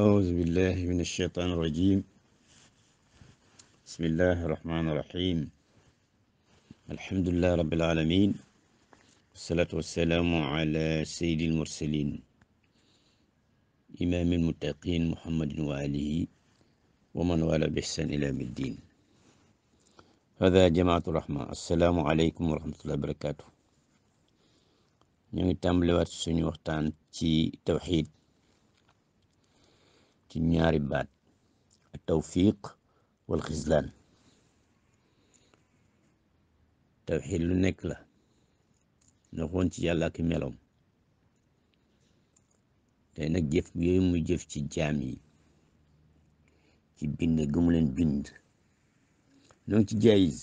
أعوذ بالله من الشيطان الرجيم بسم الله الرحمن الرحيم الحمد لله رب العالمين والصلاة والسلام على سيد المرسلين إمام المتقين محمد وآله ومن والى بإحسان إلى يوم الدين هذا جماعة الرحمة السلام عليكم ورحمة الله وبركاته ñu ngi tàmbaliwaat suñu waxtaan ci tawxiid ci ñaari baat a tawfiq wal xislaan tawxiid lu nekk la noxoon ci yàlla ak meloom tey nag jëf yooyu muy jëf ci jaam yi ci bind gu mu leen bind noonu ci jaayiz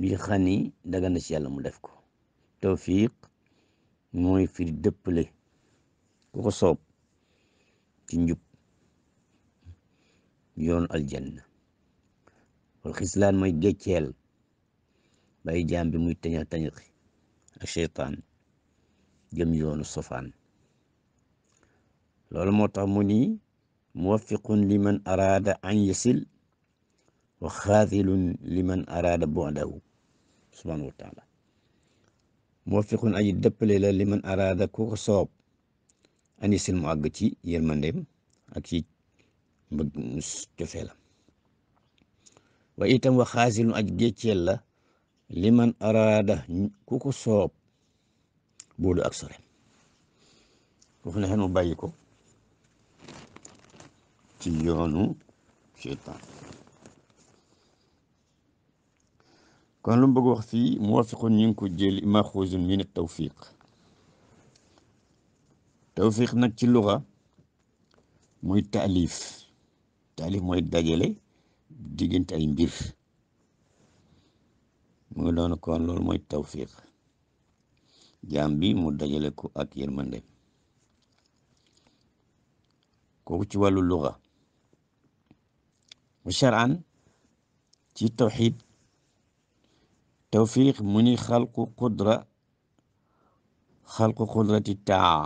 li xam daga na ci yàlla mu def ko tawfiq mooy firi dëppale ku ko soob ci njub yoonu aljanna wal xislaan mooy gécceel bàyyi jaam bi muy tañax tañaxi ak cheytaan yoonu sofaan loolu moo tax mu ni muwaffiqun liman araada an yasil liman araada bu'dahu subhaanahu wa taala muwaffiqun aji dëppale la liman araada ku soob andi seen mu àgg ci yërmandeem ak ci mbëgg cofeelam wa itam wa xaasilun aj gécceel la liman araada ku ko soob buudu ak sore foofu ne mu bàyyi ko ci yoonu seytaan kon lu mu bëgg wax fii muwafiqun ñu ngi ko jël tawfiq nag ci luxa mooy taalif taalif mooy dajale diggante ay mbir mu doon kon loolu mooy tawfiq jaam bi mu dajale ko ak yërmande kooku ci wàllu luxa mu charan ci tawxid tawfiq mu ni xalqu qudra xalqu qudrati taa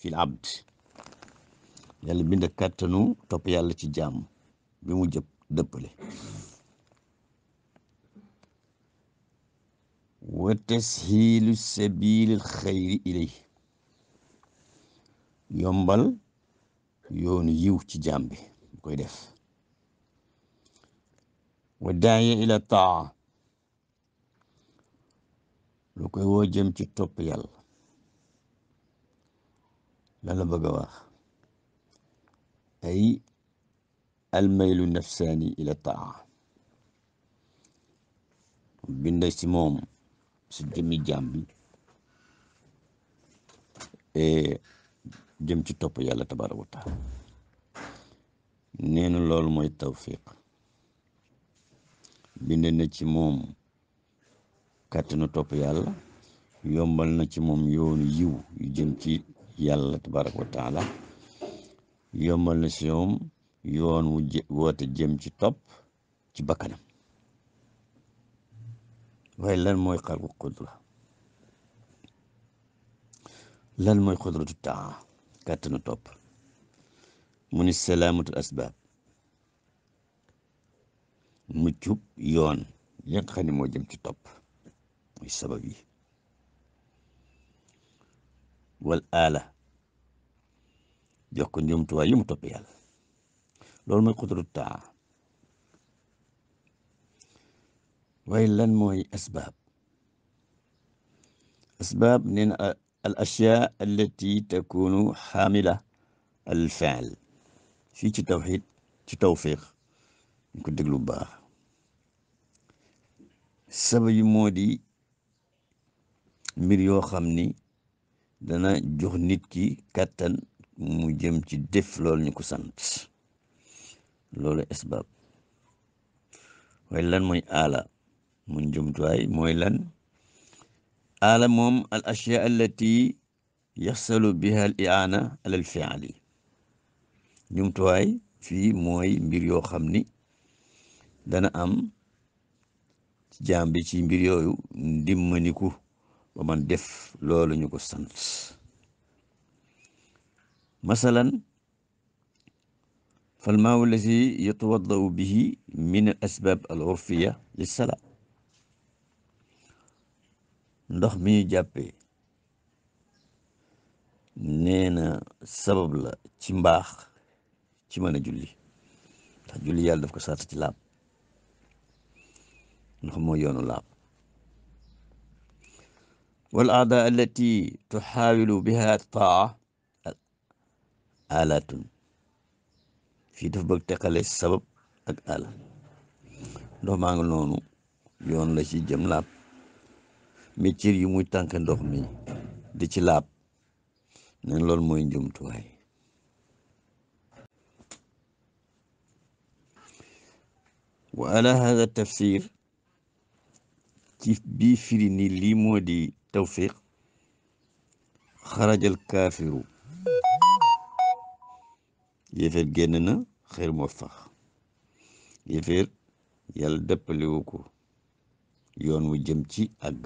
fil abd yàlla bind kàttanu topp yàlla ci jàmm bi mu jëpp dëppale wa tashiilu sabilil xayri yombal yoonu yiw ci jàmm bi koy def wa ila taa lu koy woo jëm ci topp yàlla lan la bëgg a wax ay almaylu nafsaani ila taa bind ci moom su jëmi jaam bi e, jëm ci topp yàlla tabaaraka wa taala nee na loolu mooy tawfiq bind na ci moom kàttanu topp yàlla yombal na ci moom yoonu yiw yu jëm ci yàlla tabaraka wa taala yombal na si moom yoon wu woote jëm ci topp ci bakkanam waaye lan mooy xalqu qudra lan mooy qudratu taa kàttanu topp mu ni salaamatul asbaab muccub yoon ya nga xam ne moo jëm ci topp muy saba yi wal aala jox ko njumtuwaay yu mu topp yàlla loolu mooy xudru taa waaye lan mooy asbaab asbaab nee na al ashyaa allati takunu xaamila al fiil fii ci tawxiid ci tawfiq ñu ko déglu baax saba yu moo di mbir yoo xam ni dana jox nit ki kàttan mu jëm ci def loolu ñu ko sant loolu esbab waaye lan mooy aala mun jumtuwaay mooy lan aala moom al ashyaa allati bi biha al iaana alal fiali jumtuwaay fii mooy mbir yoo xam ni dana am jaam ci mbir yooyu ndimmaniku ba man def loolu ñu ko sant masalan fal maawu lazi yatawaddau bihi min al asbaab al urfiya lissala ndox mi ñu jàppee nee na sabab la ci mbaax ci mën a julli ndax julli yàlla daf ko ci laab ndox moo yoonu laab wala aadaa allati tuxaawilu biha taa alaatun fii daf bëgg teqale sabab ak ala ndox maa ngi noonu yoon la ci jëm laab métier yi muy tànk ndox mi di ci laab nen loolu mooy njumtuwaay wa ala hada tafsir ci bii firi ni lii moo di tawfiq xarajal kaafiru yéeféer génn na xeer mu fax yéeféer yàlla dëppalewu ko yoon wu jëm ci àgg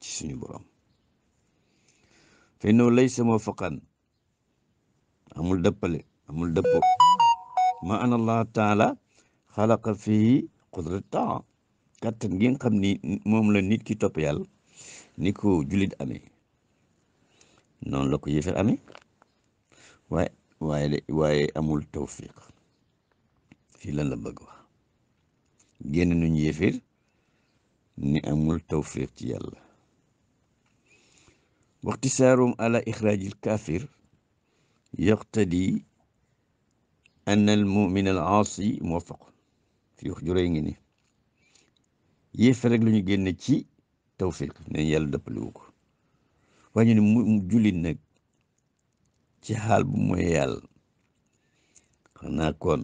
ci suñu borom fay now lay sama faqan amul dëppale amul allah taala xalaqa fii qudrat taa kàttan gi ni moom la nit ki topp yàlla ni ko julit amee noonu la ko yéefar amee waaye waaye amul tawfiq fii lan la bëgg wax génn nuñ yéefar ni amul tawfiq ci yàlla waxtisaarum ala ixraajil kaafir yaqtadi an al mumin al aasi muwafaq fii wax juróy ngi ni yéefar rek lu ñu génne ci tawfiq nee yàlla dëppaliwu ko waaye ñu ne mu jullit nag ci xaal bu mooy yàlla xanaa kon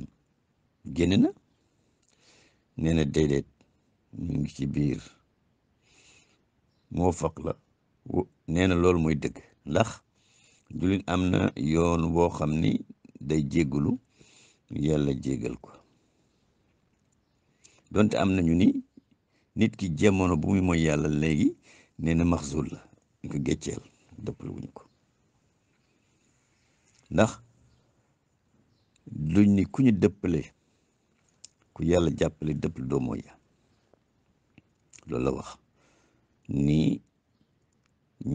génn na nee na déedéet ñu ngi ci biir moo faq la nee na loolu mooy dëgg ndax julit am na yoon boo xam ni day jéggalu yàlla jéggal ko donte am nañu nii nit ki jamono bu muy mooy yàlla léegi nee na maxzul la ñu ko gécceel dëppal wuñ ko ndax luñ ni ku ñu dëppale ku yàlla jàppale dëppal doo mooy ya loolu la wax ni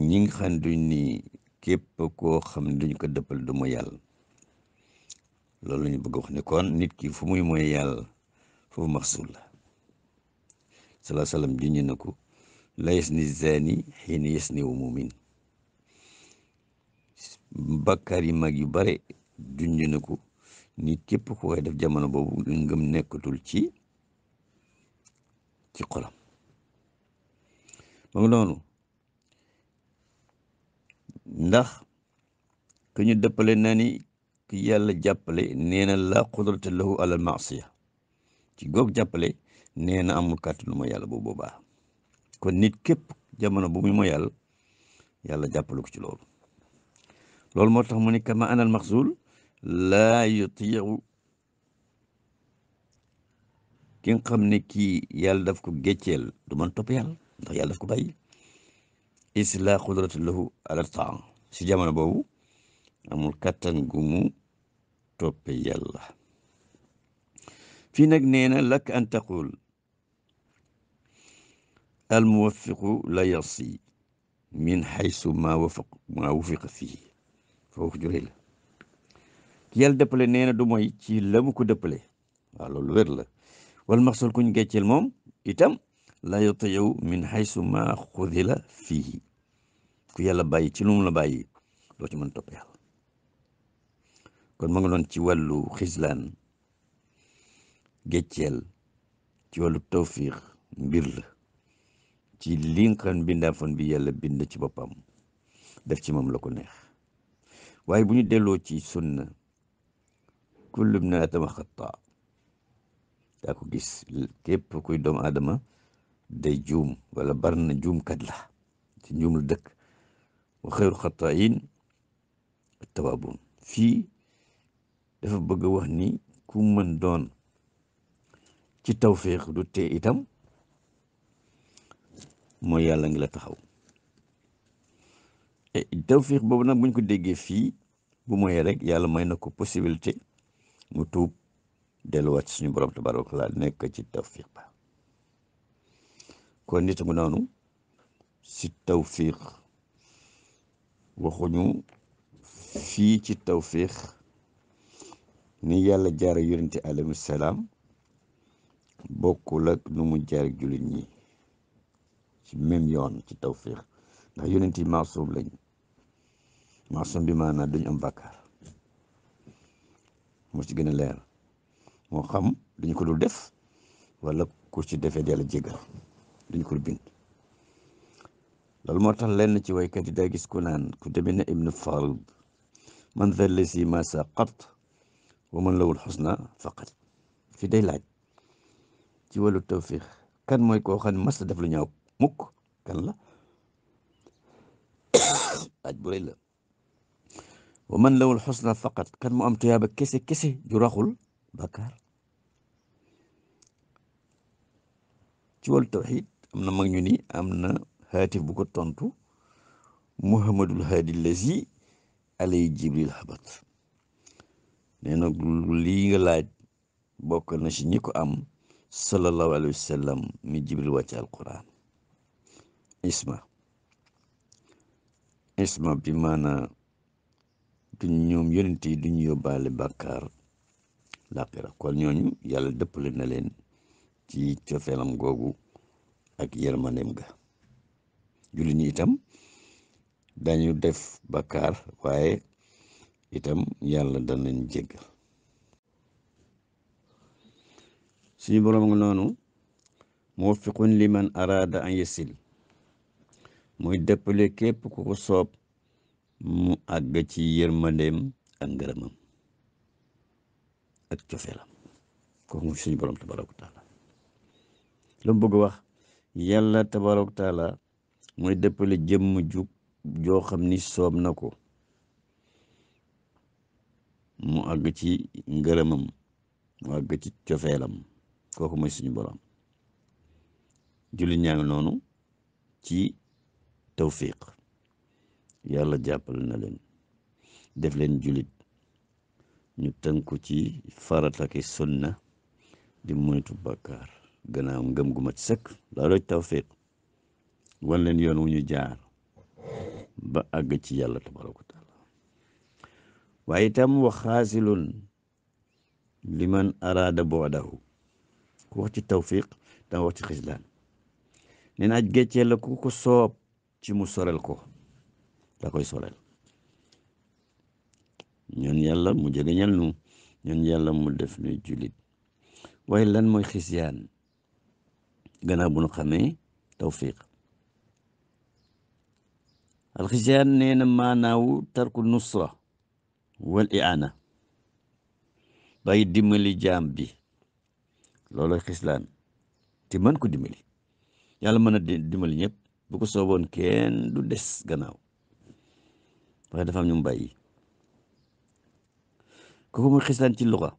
ñi nga xam duñ ni képp koo xam ne duñ ko dëppal du mooy yàlla loolu la ñu bëgg wax ne kon nit ki fu muy mooy yàlla foofu maxsul la salaa salaam junj na ko la yasni zani xiina yasni wa mumin bakkaar mag yu bare junj na ko ni képp ku koy def jamono boobu ngëm nekkatul ci ci xolam moom noonu ndax ku ñu dëppale na ni ki yàlla jàppale nee na la qudrata lahu ala masiya ci goog jàppale nee na amul kàttanu mooy yàlla boobu boobaa kon nit képp jamono bu muy mooy yàlla yàlla jàppalu ci loolu loolu moo tax mu ne kama anal maxsul laa yutiiru ki nga xam ni kii yàlla daf ko gécceel du mën topp yàlla ndax daf ko bay isla qudratu lahu ala taan si jamono boobu amul kattan gumu mu toppe fii nag nee na lak an taqul al muwaffiqu la yasi min xaysu ma wafaq ma wufiqa fii foofu juree la ki yàlla dëppale nee na du mooy ci la mu ko dëppale waaw loolu wér la wal maxsul kuñ gecceel moom itam la yutiyu min xaysu ma xudila fii ku yàlla bàyyi ci lu mu la bàyyi doo ci mën topp yàlla kon ma nga doon ci wàllu xislaan gecceel ci wàllu tawfiq mbir la ci li nga xam bindaafon bi yàlla bind ci boppam def ci moom la ko neex waaye bu ñu delloo ci sunna kullu bni aadama xataa daa ko gis képp kuy doomu aadama day juum wala bar na juumkat la ci njuum la dëkk wa xayru xataayin tawaabun fii dafa bëgg a wax ni ku mën doon ci tawféex du tee itam mooy yàlla ngi la taxaw e tawfiix boobu nag buñ ko déggee fii bu mooyee rek yàlla may na ko possibilité mu tuub delluwaat ci suñu borom tabaaraka wa taala nekk ci tawfiix ba kon nit mu noonu si tawfiix waxuñu fii ci tawfiix ni yàlla jaara yonente alayhi salaam bokkul ak nu mu jaar jullit ñi ci yoon ci tawfiq ndax yonent yi maasum lañ maasum bi maanaam duñ am bàkkaar moo ci gën a leer moo xam dañu ko dul def wala ku ci defee yàlla jégal duñ ko bind loolu moo tax lenn ci waykat yi daa gis ku naan ku demee ne ibnu Fard man zallasi ma saqat wa man lawul xusna faqat fi day laaj ci wàllu tawfiq kan mooy koo xam ne mas def lu ñaw mukk kalla laaj bu rëy la wa man lawul xusna faqat kan mu am tuyaaba kese kese ju raxul bakkaar ci wàllu am na mag ñu ni am na haatif bu ko tontu muhammadul haadi lazi alay jibril habat nee na lii nga laaj bokk na ci ñi ko am sallallahu alayhi wa sallam mi jibril wàcce alquran isma isma bi maanaa duñ ñoom yonent duñu yóbbaale bàkkaar làqira kon ñooñu yàlla dëppale na leen ci cofeelam googu ak yërmandeem ga julli ñi itam dañu def bàkkaar waaye itam yàlla dana leen jéggal suñu boroom nga noonu muwaffiqun liman araada an yasil mooy dëppale képp ku ko soob mu àgg ci yërmandeem ak ngërëmam ak cofeelam kooku mu suñu borom tabaaraka wa taala mu bëgg wax yàlla tabaaraka wa mooy dëppale jëmm ju joo xam ni soob na ko mu àgg ci ngërëmam mu àgg ci cofeelam kooku mooy suñu borom julli ñaa ngi noonu ci tawfiq yàlla jàppal na leen def leen julit ñu tënku ci farataki sunna di moytu bàkkaar gannaaw ngëm gu mat sëkk loolooy tawfiq wan leen yoon wu ñu jaar ba àgg ci yàlla tabaraka wa taala waaye itam wa xaasilun liman araada boodahu ku wax ci tawfiq danga wax ci xislaan nee naa géccee la ku ko soob ci mu sorel ko da koy sorel ñun yàlla mu jegeñal nu ñun yàlla mu def nu jullit waaye lan mooy xisyaan gannaaw bu nu xamee tawfiq alxisyaan nee na maanaawu tarku nusra wal iaana bàyyi dimbali jaam bi loolooy xislaan te mën ko dimbali yàlla mën a dimbali ñëpp bu ko sooboon kenn du des gannaaw waaye dafa am ñu mu bàyyi kooku xislaan ci luxa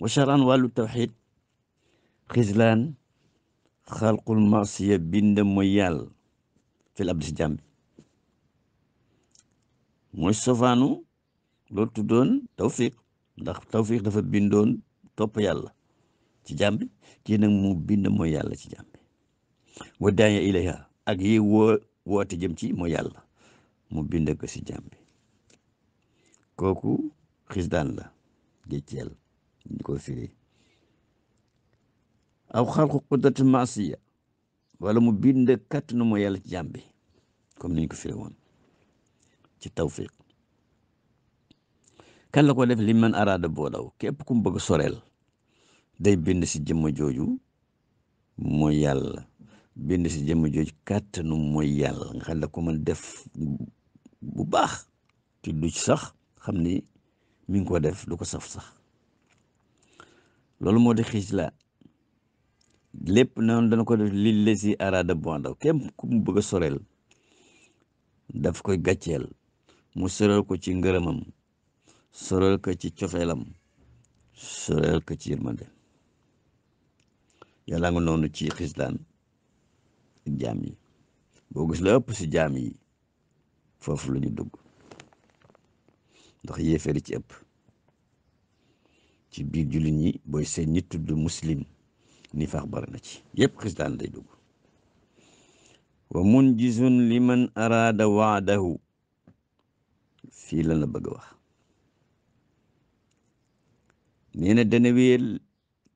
wa charan wàllu tawxid xislaan xalqul masiya bind mooy yàlla la abdi si jàmm mooy sofaanu loolu tuddoon tawfiq ndax tawfiq dafa bindoon topp yàlla ci jàmm kii nag mu bind mooy yàlla ci jàmm wa daaya ilayha ak yi woo woote jëm ci mu yàlla mu bind ko si jàmm bi kooku xisdaan la gécceel ñu ko firi aw xalqu qudrati masiya wala mu bind kàttanu mu yàlla ci jàmm bi comme niñ ko firi woon ci tawfiq kan la ko def li araada boolaw képp ku mu bëgg soreel day bind si jëmm jooju mooy yàlla bind si jëmm jooju kàttanu mooy yàlla nga xam ne ko mën def bu baax te du ci sax xam ni mi ngi ko def du ko saf sax loolu moo di xiislaa lépp noonu dana ko def li la si araada bonda képp ku mu bëgg a soreel daf koy gàcceel mu soreel ko ci ngërëmam soreel ko ci cofeelam soreel ko ci yërmande yàlla nga noonu ci xislaan ak jaam yi boo gis la ëpp si jaam yi foofu la ñu dugg ndax yéefari ci ëpp ci biir jullit ñi booy seen ñi tudd muslim ni faax bari ci yépp xistaan day dugg wa munjizun man araada waadahu fii la la bëgg a wax nee na dana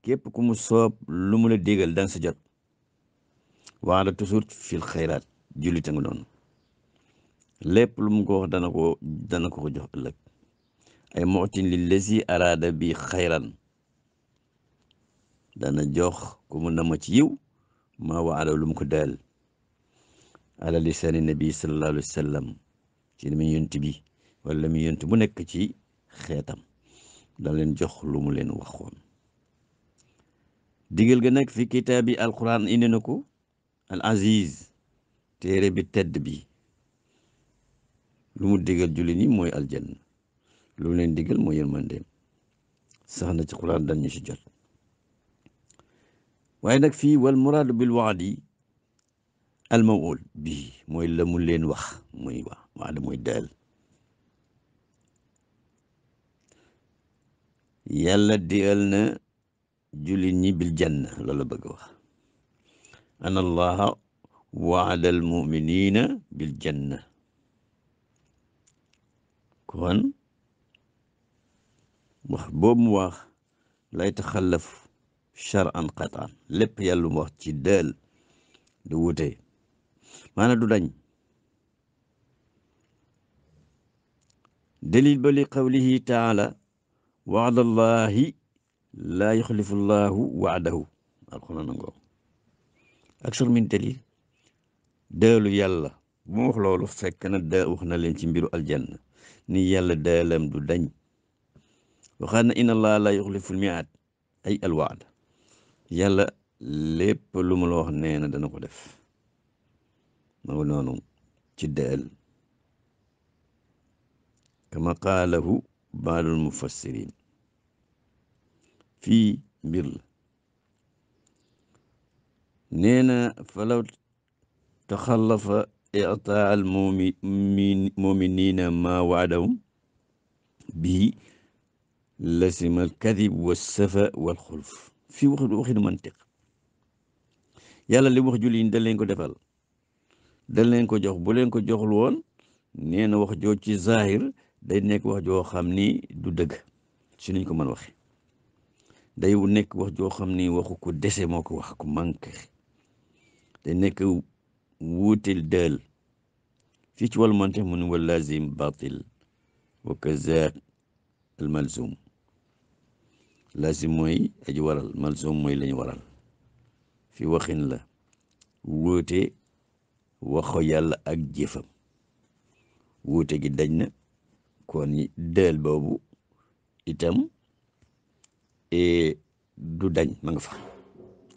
képp ku mu soob lu mu la déggal danga sa jot waala fi fil xayraat a nga noonu lépp lumu mu ko wax dana ko dana ko ko jox ëllëg ay mootin li lesi araada bi xayran dana jox ku mu nama ci yiw maa waala lu mu ko dal ala lisaani nabi sallallahu alayhi wa sallam ci li mu yonent bi wala mu yonent bu nekk ci xeetam dana leen jox lu mu leen waxoon digal ga nag fi kitaabi alquran indi na ko al aziz téere bi tedd bi lu mu digal jullit ñi mooy aljanna lu leen digal mooy yërmandeem sax na ci quran dañu si jot waaye nag fii wal muraadu bil waadi al mawul bii mooy la leen wax muy wax waada mooy daal yàlla digal na jullit ñi bil janna loolu la bëgg wax an allaha waada al muminina bil janna kon mu wax lay taxallaf charan qataan lépp yàlla mu wax ci dël du wute du dañ dalil ba li qawlihi taala waada allahi laa yuxlifu llahu waadahu alquran nango akthar min dalil deelu yàlla bu ma wax loolu fekk na da wax na leen ci mbiru aljanna ni yàlla deelam du dañ waxaat na inna allaha la yuxlifu lmiaad ay alwaad yàlla lépp lu mu la wax nee na dana ko def moo noonu ci deel kama qaalahu baalul mufassirin fii mbir la nee na falaw taxallafa itaa al muminina ma waadahum bii lasima al kadib wa safa wal xulf fii wax waxin mantiq yàlla li wax julli yi da leen ko defal da leen ko jox bu leen ko joxul woon nee na wax joo ci zahir day nekk wax joo xam ni du dëgg si nuñ ko mën waxe day nekk wax joo xam ni waxu ko dese moo ko wax ku manqué te nekk wuutil del fii ci wàllu mante mu ne wa lazim batil wa kazaq al malzum lazim mooy aji waral malzum mooy lañu waral fi waxin la wute waxo yàlla ak jëfam wuute gi dañ na kon del boobu itam eh, du dañ ma nga fa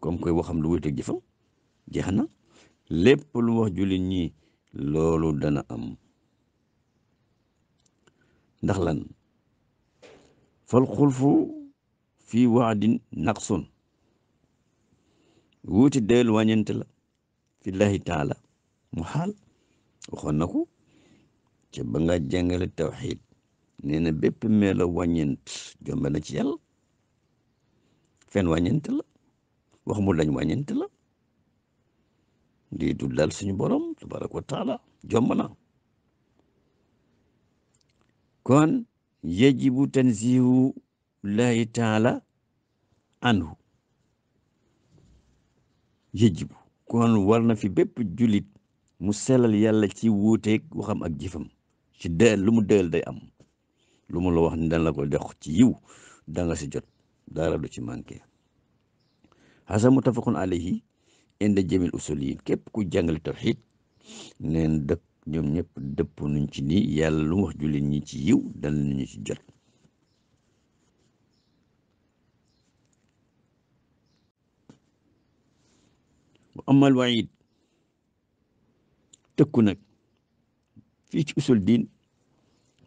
comme koy waxam lu wuute ak jëfam jeex na lépp lu wax jullit ñi loolu dana am ndax lan fal xulfu fii waadin naqsun wuuti del wàññente la fillahi taala mu xaal waxoon na ko ca ba nga jàngale tawxid nee na bépp melo wàññent jombe na ci yàlla fen wàññent la wax mu dañ wàññent la tu dal suñu borom tabaraka wa taala jomb na kon yajibu tanzihu lahi taala anhu yajibu kon war na fi bépp julit mu selal yàlla ci wuuteeg waxam ak jifam ci deel lu mu deel day am lu mu la wax ni dan la ko dex ci yiw danga nga si jot dara du ci manqué xasa muttafaqun alayhi inda jëmil usuliyin képp ku jàngale tawxid neen dëkk ñoom ñëpp dëpp nuñ ci nii yàlla lu wax julit ñi ci yiw dana nañu ci jot bu amal waid tëkku nag fii ci usul diin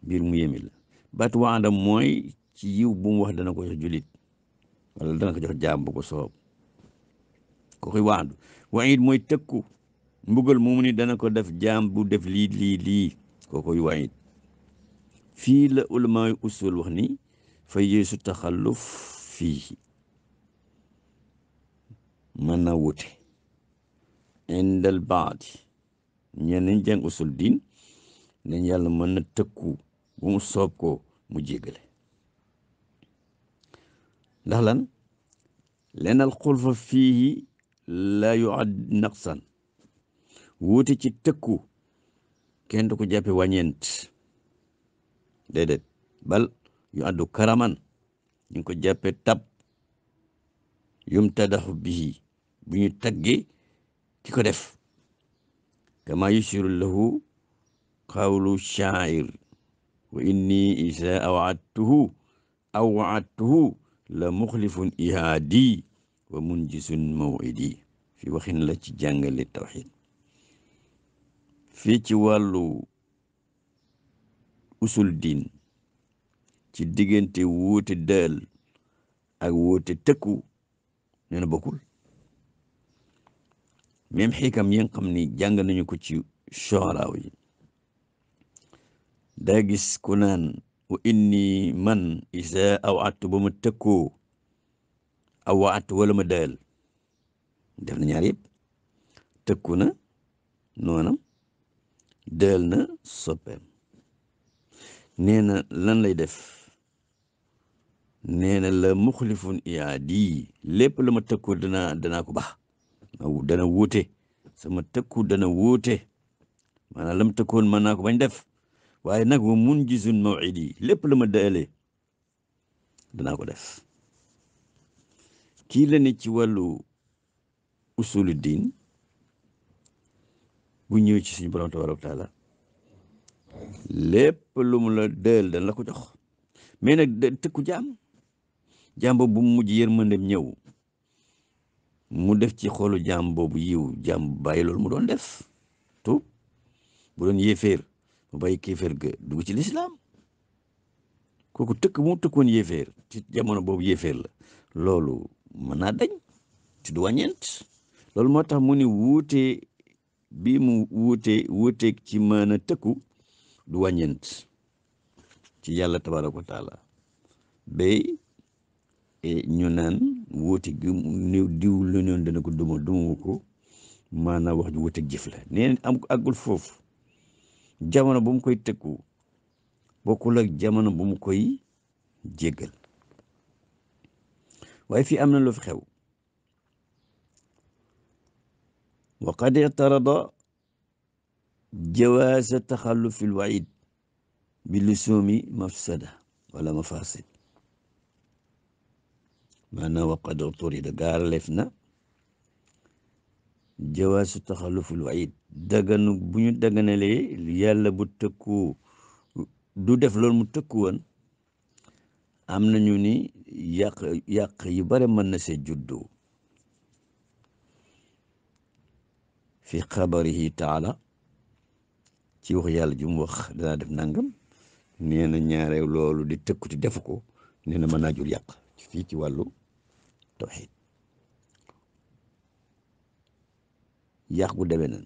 mbir mu yéeme la baatu waandam mooy ci yiw bu wax dana ko jox jullit wala dana ko jox jaam bu ko soob ko riwaandu waid mooy tëkku mbugal moomu ni dana ko def jaam bu def lii lii lii kookoy waid fii la ulama yu wax ni fa yeesu taxalluf fii mën na wute indal baadi ñeen nañ jàng usul diin nañ yàlla mën na tëkku bu mu soob ko mu jéggale ndax lan lenal xulfa fii la yuad naqsan wuute ci tekku kenn du ko jàppe wañent déedéet bal yu karaman ñu ko jàppe tab yum bi buñu bu tagge ki ko def kama yusiru lahu qawlu shaair wa inni isa awaadtuhu awaadtuhu la muxlifun ihaadi wa munjisun mawidi fi waxin la ci jàngale tawxid fii ci wàllu usul diin ci diggante wuute dël ak wuute tëkku nee na bokkul même xiikam yi nga xam ni jàng nañu ko ci shooraaw yi daa gis ku naan wa inni man isa aw attu ba ma tëkkoo aw wala ma dël def na ñaar yëpp tëkku na noonam dël na soppeem nee lan lay def nee na la muxlifun iyaadi lépp la ma tëkku danaa danaa ko baax dana wuute sama tëkku dana wuute maanaam la ma tëkkoon mën naa ko bañ def waaye nag wa mun gisun mawidi lépp la ma dëlee danaa ko def kii la ci wàllu usulu diin bu ñëwee ci suñu borom tabaaraka wa taala lépp lu mu la dël dañ la ko jox mais nag tëkku jaam jaam boobu bu mu mujj yërmandem ñëw mu def ci xoolu jaam boobu yiw jaam bàyyi loolu mu doon def tuub bu doon yéeféer mu bàyyi kéeféer ga dugg ci lislaam kooku tëkk mu tëkkoon yéeféer ci jamono boobu yéeféer la loolu mën naa dañ ci du wàññeent loolu moo tax mu ni wuute bi mu wuute wuuteeg ci mën a tëkku du wàññent ci yàlla tabaaraka wa taala bay e ñu naan wuute gi néew diw lu ñoon dana ko duma dumawu ko maanaam wax ju wuuteeg jëf la neen am ko àggul foofu jamono bu mu koy tëkku bokkul ak jamono bu mu koy jéggal waaye fii am na lu xew wa qad ictarada jawaasa taxallufi lwaid bi lusuumi mafsada wala mafasid maanaam wa qad ictarada gaaraleef na jawaasu taxalluful waid daganu bu ñu daganalee yàlla bu tëkku du def loolu mu tëkku woon am nañu ni yàq yu bare mën na see juddu fi xabarihi taala ci wax yàlla ji mu wax danaa def nangam nee na ñaare loolu di tëkkuti defu ko nee na mën naa yàq fii ci wàllu tawxiid yàq gu demee nan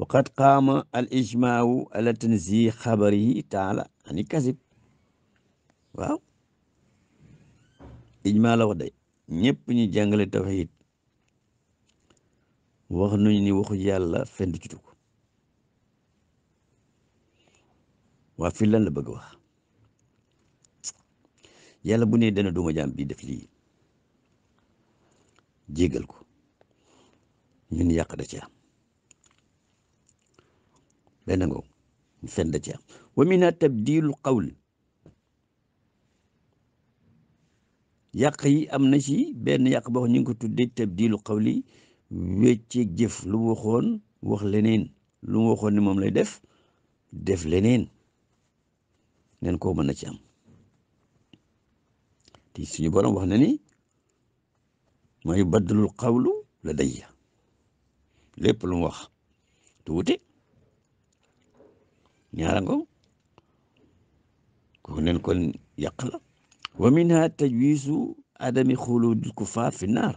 waqad qaama al ijmaau ala tanzih xabarihi taala ani kasib ijmaa la wax ñëpp ñu jàngale tawxiid wax nuñ ni waxu yàlla fenn ci dugg waa fii lan la bëgg wax yàlla bu ne dana duma jaam bii def lii jégal ko ñun yàq da ci am benn ngoo fen da ci am wa minha tabdilu qawl yàq yi am na ci benn yàq boo xam ñu ngi ko tuddee tabdiilu xawli wécceeg jëf lu mu waxoon wax leneen lu mu waxoon ne moom lay def def leneen neen koo mën na ci am te suñu borom wax na ni mooy baddalul la dayya lépp lu mu wax tuuti ñaara ko ko neen kon yàq wa minha tajwiizu adami xuluudil kufaar fi naar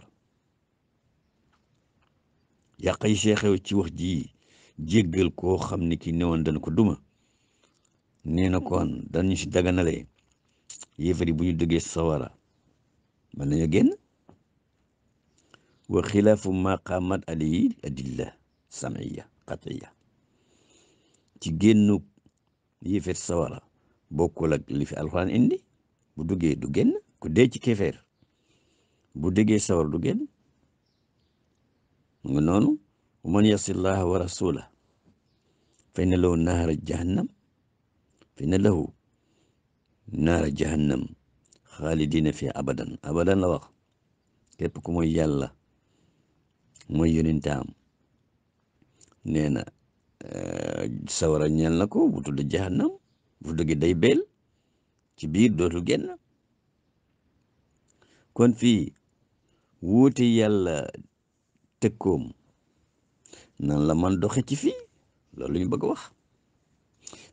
yàq yi seexew ci wax ji jéggal koo xam ne ki newoon dañ ko duma nee na kon dañu si daganale yéefar yi bu ñu dëggee sawara mën nañu génn wa xilaafu maqaamat alayhi adilla samiya qatiya ci génnu yéefar sawara bokkul ak li fi alxuraan indi bu duggee du ku dee ci kéefeer bu déggee sawar du génn nga noonu man yasillaha wa rasula fa inna lahu naara jahannam fa inna lahu naara jahannam xaalidina fi abadan abadan la wax képp ku mooy yàlla mooy yonentaam nee na eh, sawara ñeel na ko bu tudd day beel ci biir dootul génn kon fii wuute teg koom nan la man doxe ci fii loolu ñu bëgg wax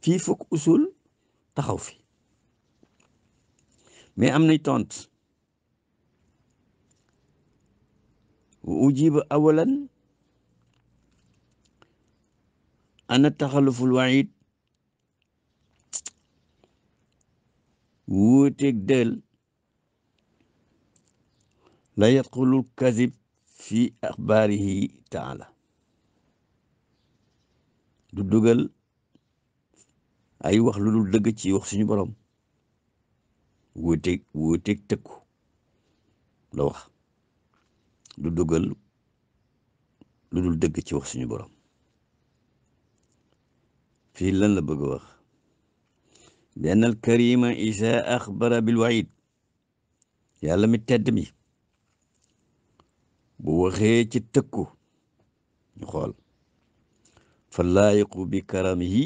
fii fokk usul taxaw fi mais am nay tont wa ujiba awalan ana taxaluful waid wuuteeg dël la yaqulul kazib fi axbaarihi taala du dugal ay wax lu dul dëgg ci wax suñu borom wuuteeg wuuteeg la wax du dugal lu dul dëgg ci wax suñu borom fii lan la bëgg a wax liann alkarima isa axbara bilwaid yàlla mi tedd mi bu waxee ci tëkku ñu xool fa laayiqu bi karamihi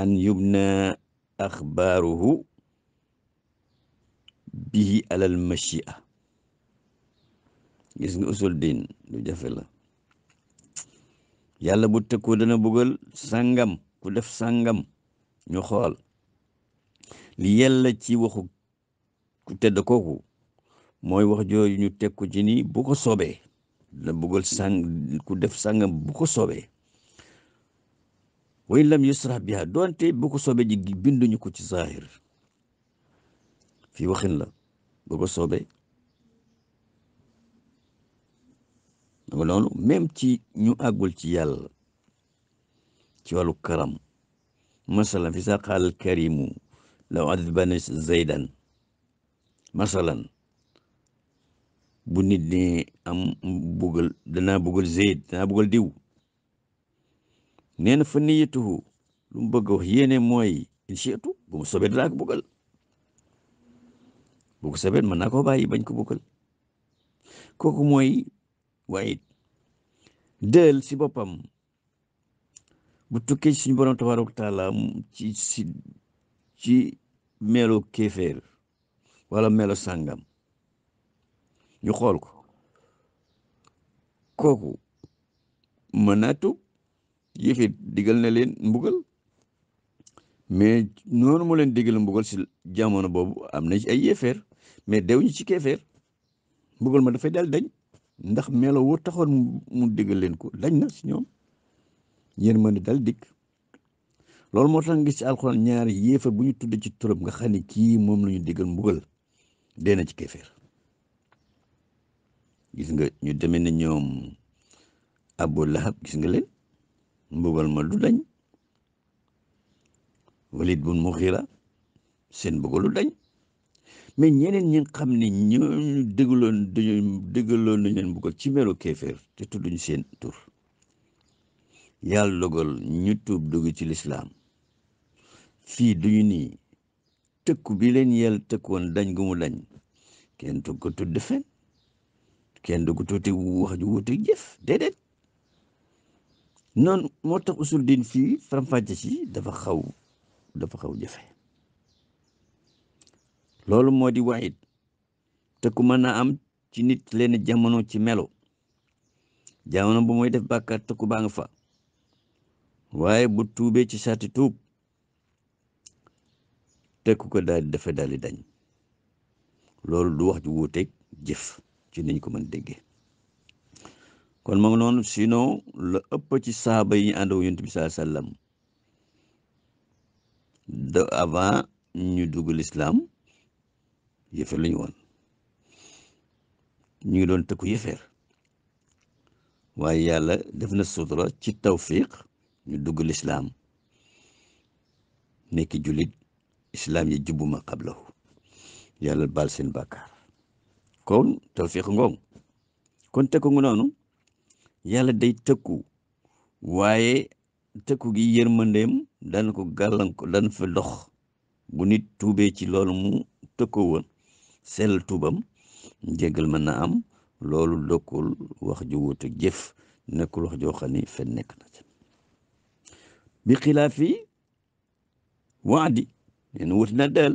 an yubna axbaaruhu bihi alal machia gis nga usul din lu jafe la yàlla bu tëkkoo dana bëggal sàngam ku def sàngam ñu xool li yella ci waxu ku tedd kooku mooy wax jooju ñu teg ko ci ni bu ko soobee dina bëggal sàng ku def sàngam bu ko soobee way lam yusra biha doonte bu ko soobee jig binduñu ko ci zahir fi waxin la bu ko soobee danga noonu même ci ñu àggul ci yàlla ci wàllu karam masalan fi sa qaal karimu law adibani zaydan masalan bu nit ne am buggal danaa buggal zayd danaa buggal diw nee na fa niyatuhu lu bëgg wax yéene mooy in shi'tu bu mu sobee danaa ko buggal bu ko sobee mën naa ko bàyyi bañ ko buggal kooku mooy dël si boppam bu tukkee suñu borom tabaaraka taala ci ci melo kéeféer walla melo sàngam ñu xool ko kooku mën naa tub yëfit digal na leen mbugal mais noonu mu leen digal mbugal si jamono boobu am na ci ay yéeféer mais dew ñu ci kéeféer mbugal ma dafay dal dañ ndax melo woo taxoon mu diggal leen ko dañ na si ñoom yéen mën a dal dikk loolu moo tax nga gis ci alxuraan ñaari yéefar bu ñu tudd ci turam nga xam ne kii moom la ñu diggal mbugal dee na ci kéeféer gis nga ñu deme ne ñoom abu lahab gis nga leen mbugal ma du dañ walid bun muxira seen mbugal dañ mais ñeneen ñi nga xam ne ñooñu dégaloon dañu dégaloon nañ leen mbugal ci meloo kéeféer te tudduñu seen tur yàlla dogal ñu tuub dugg ci lislaam fii duñu nii tëkku bi leen yàlla tëkkoon dañ gu mu dañ kenn du ko tudd fen kenn du ko tuuti wax ju wuute jëf déedéet noonu moo tax usul diin fii faram ci dafa xaw dafa xaw jafe loolu moo di waxit tëkku mën naa am ci nit leen jamono ci melo jamono bu mooy def bàkkaar tëkku baa nga fa waaye bu tuubee ci saati tuub tekku ko daal dafa daal dañ loolu du wax ju wuuteeg jëf ci niñ ko mën déggee kon moom noonu sinon la ëpp ci saaba yi ñu ànd ak yonent bi saa sallam de avant ñu dugg lislaam yëfër la ñu woon ñu ngi doon tëkku yëfër waaye yàlla def na sutura ci tawfiq ñu dugg lislaam nekki jullit islaam yi jubbuma qablahu yàlla baal seen bàkkaar kon tawfiq ngoong kon tëkku ngu noonu yàlla day tëkku waaye tëkku gi yërmandeem dan ko gàllanko dana fa dox bu nit tuubee ci loolu mu tëkkoo woon sell tuubam njéggal mën na am loolu dokkul wax ju wuute jëf nekkul wax joo xam ni fen nekk na ci bi xilaafi waadi yéen wut na dell